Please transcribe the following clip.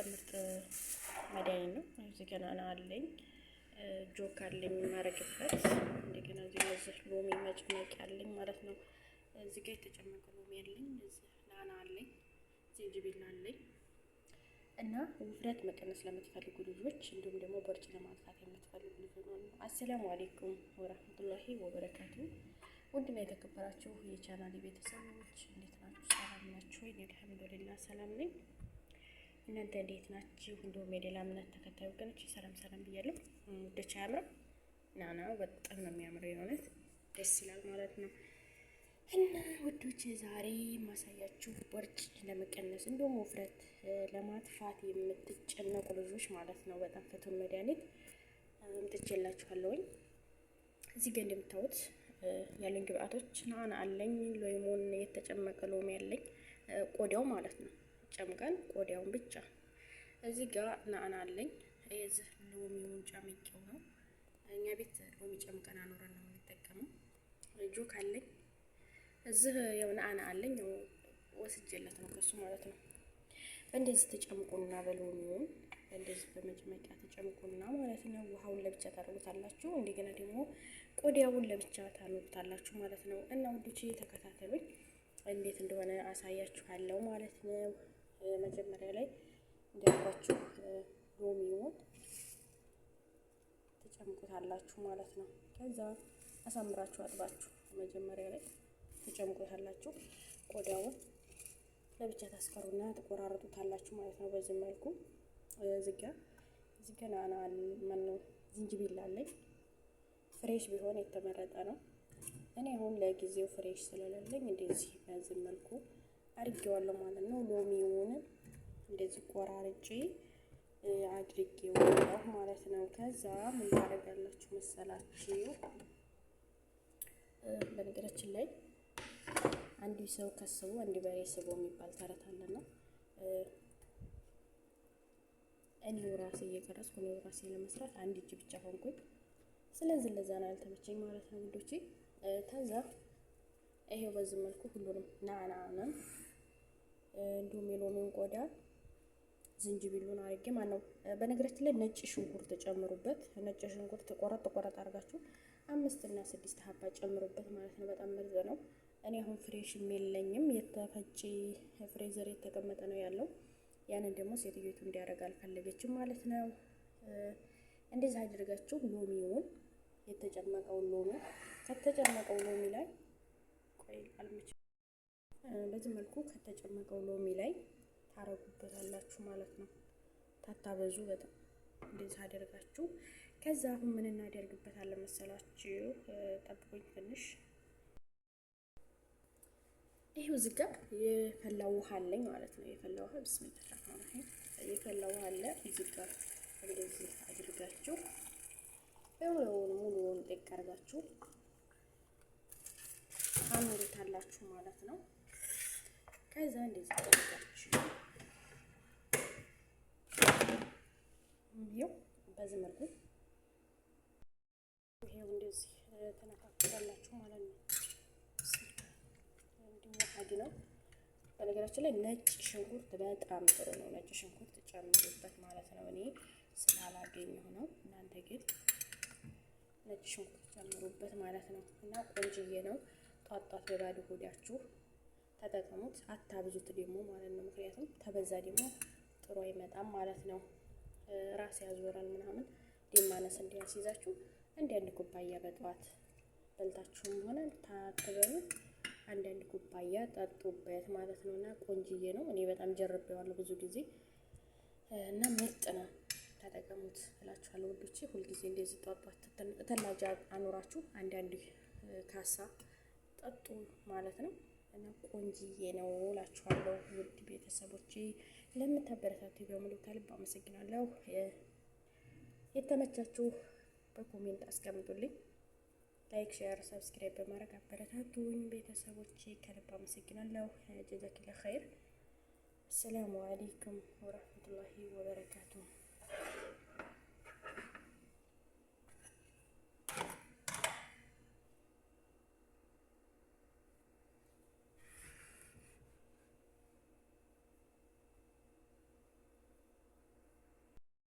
በጣም ምርጥ መድኃኒት ነው። እዚህ ገና አለኝ ጆክ አለኝ የማረግበት እንደገና እዚህ ነዚህ ሎሚ መጭመቂ አለኝ ማለት ነው። እዚህ ጋር የተጨመቀ ሎሚ አለኝ። እዚህ ናና አለኝ፣ ዝንጅብል አለኝ እና ውፍረት መቀነስ ለምትፈልጉ ልጆች እንዲሁም ደግሞ ቦርጭ ለማጥፋት የምትፈልጉ ልጆች ነው። አሰላሙ አሌይኩም ወረህመቱላሂ ወበረካቱ። ውድና የተከበራችሁ የቻናል ቤተሰቦች እንዴት ናችሁ? ሰላም ናችሁ ወይ? እኔ አልሐምዱሊላህ ሰላም ነኝ። እናንተ እንዴት ናችሁ? እንዲሁም የሌላ እምነት ተከታዩ ወገኖች ሰላም ሰላም ብያለሁ። ደቻ አያምርም? ናና በጣም ነው የሚያምረው፣ የሆነት ደስ ይላል ማለት ነው። እና ውዶች ዛሬ ማሳያችሁ ቦርጭ ለመቀነስ እንዲሁም ውፍረት ለማጥፋት የምትጨነቁ ልጆች ማለት ነው በጣም ፍቱን መድኃኒት አምጥቼላችኋለሁኝ። እዚህ ጋር እንደምታዩት ያለኝ ግብአቶች ናና አለኝ፣ ሎይሞን የተጨመቀ ሎሚ ያለኝ ቆዳው ማለት ነው ጨምቀን ቆዳውን ብቻ እዚህ ጋር ናአና አለኝ የዚህ ሎሚውን ጨምቄው ነው። እኛ ቤት ሎሚ ጨምቀን አኖረን ነው የምንጠቀመው። ጆክ አለኝ እዚህ ያው ናአና አለኝ ያው ወስጄለት ነው ከሱ ማለት ነው። በእንደዚህ ተጨምቁና በሎሚውን እንደዚህ በመጨመቂያ ተጨምቁና ማለት ነው። ውሃውን ለብቻ ታደርጉታላችሁ። እንደገና ደግሞ ቆዳውን ለብቻ ታኖሩታላችሁ ማለት ነው። እና ውዶቼ ተከታተሉኝ፣ እንዴት እንደሆነ አሳያችኋለሁ ማለት ነው። መጀመሪያ ላይ ሎሚ ሎሚውን ትጨምቁታላችሁ ማለት ነው። ከዛ አሳምራችሁ አጥባችሁ መጀመሪያ ላይ ትጨምቁታላችሁ። ቆዳውን ለብቻ ታስቀሩና ትቆራረጡታላችሁ ማለት ነው። በዚህ መልኩ ዝጋ ዝጋ ናና ማነው ዝንጅብል አለኝ ፍሬሽ ቢሆን የተመረጠ ነው። እኔ አሁን ለጊዜው ፍሬሽ ስለሌለኝ እንደዚህ በዚህ መልኩ አድርጌዋለሁ ማለት ነው። ሎሚውን እንደዚህ ቆራርጬ አድርጌዋለሁ ማለት ነው። ከዛ ምን ታደርጋላችሁ መሰላችሁ? በነገራችን ላይ አንዱ ሰው ከስቡ አንድ በሬ ስቦ የሚባል ተረት አለና እኔ ራሴ እየቀረጽኩ እኔው ራሴ ለመስራት አንድ እጅ ብቻ ሆንኩኝ። ስለዚህ ለዛ ነው ያልተመቸኝ ማለት ነው ውዶቼ። ከዛ ይሄው በዚህ መልኩ ሁሉንም ናናንም እንዲሁም የሎሚውን ቆዳ ዝንጅብሉን አርጌ ማለት ነው። በነገራችን ላይ ነጭ ሽንኩርት ጨምሩበት። ነጭ ሽንኩርት ቆረጥ ቆረጥ አድርጋችሁ አምስት እና ስድስት ሀባ ጨምሩበት ማለት ነው። በጣም ምርጥ ነው። እኔ አሁን ፍሬሽም የለኝም የተፈጭ ፍሬዘር የተቀመጠ ነው ያለው። ያንን ደግሞ ሴትዮቱ እንዲያደርግ አልፈለገችም ማለት ነው። እንደዚህ አድርጋችሁ ሎሚውን የተጨመቀውን ሎሚ ከተጨመቀው ሎሚ ላይ ቆይ አልመች በዚህ መልኩ ከተጨመቀው ሎሚ ላይ ታረጉበታላችሁ ማለት ነው። ታታበዙ በጣም እንደዛ አደርጋችሁ። ከዛ አሁን ምን እናደርግበታለን መሰላችሁ? ጠብቆኝ ትንሽ ይሄው እዚህ ጋር የፈላ ውሃ አለኝ ማለት ነው። የፈላ ውሃ ነው። የፈላ ውሃ አለ እዚህ ጋር እንደዚህ አድርጋችሁ የሆነውን ሙሉውን ጥቅ አድርጋችሁ አኑሩታላችሁ ማለት ነው። ከዛ እንደዚህ ታደርጋችሁ ይሄው በዚህ መልኩ ይሄው እንደዚህ ተነካክላላችሁ ማለት ነው። እንዲዋሃድ ነው። በነገራችን ላይ ነጭ ሽንኩርት በጣም ጥሩ ነው። ነጭ ሽንኩርት ጨምሩበት ማለት ነው። እኔ ስላላገኘሁ ነው። እናንተ ግን ነጭ ሽንኩርት ጨምሩበት ማለት ነው እና ቆንጅዬ ነው። ጧጧት በባዶ ሆዳችሁ ተጠቀሙት፣ አታብዙት ደግሞ ማለት ነው። ምክንያቱም ተበዛ ደግሞ ጥሩ አይመጣም ማለት ነው። ራስ ያዞራል ምናምን ማነስ እንዲያስይዛችሁ አንድ ኩባያ በጠዋት በልታችሁም ሆነ ታትበሉ አንዳንድ ኩባያ ጠጡበት ማለት ነው። እና ቆንጅዬ ነው። እኔ በጣም ጀርቤዋለሁ ብዙ ጊዜ እና ምርጥ ነው። ተጠቀሙት እላችኋለሁ ውዶቼ። ሁልጊዜ እንደዚህ ጠጧት ተላጃ አኑራችሁ አንዳንድ ካሳ ጠጡ ማለት ነው። እና ቆንጅዬ ነው እላችኋለሁ። ውድ ቤተሰቦች ለምታበረታቱ በሙሉ ከልብ አመሰግናለሁ። የተመቻችሁ በኮሜንት አስቀምጡልኝ። ላይክ፣ ሼር፣ ሰብስክራይብ በማድረግ አበረታቱኝ ቤተሰቦቼ ከልብ አመሰግናለሁ። ጀዛኪላ ኸይር። አሰላሙ አለይኩም ወረህመቱላሂ ወበረካቱ።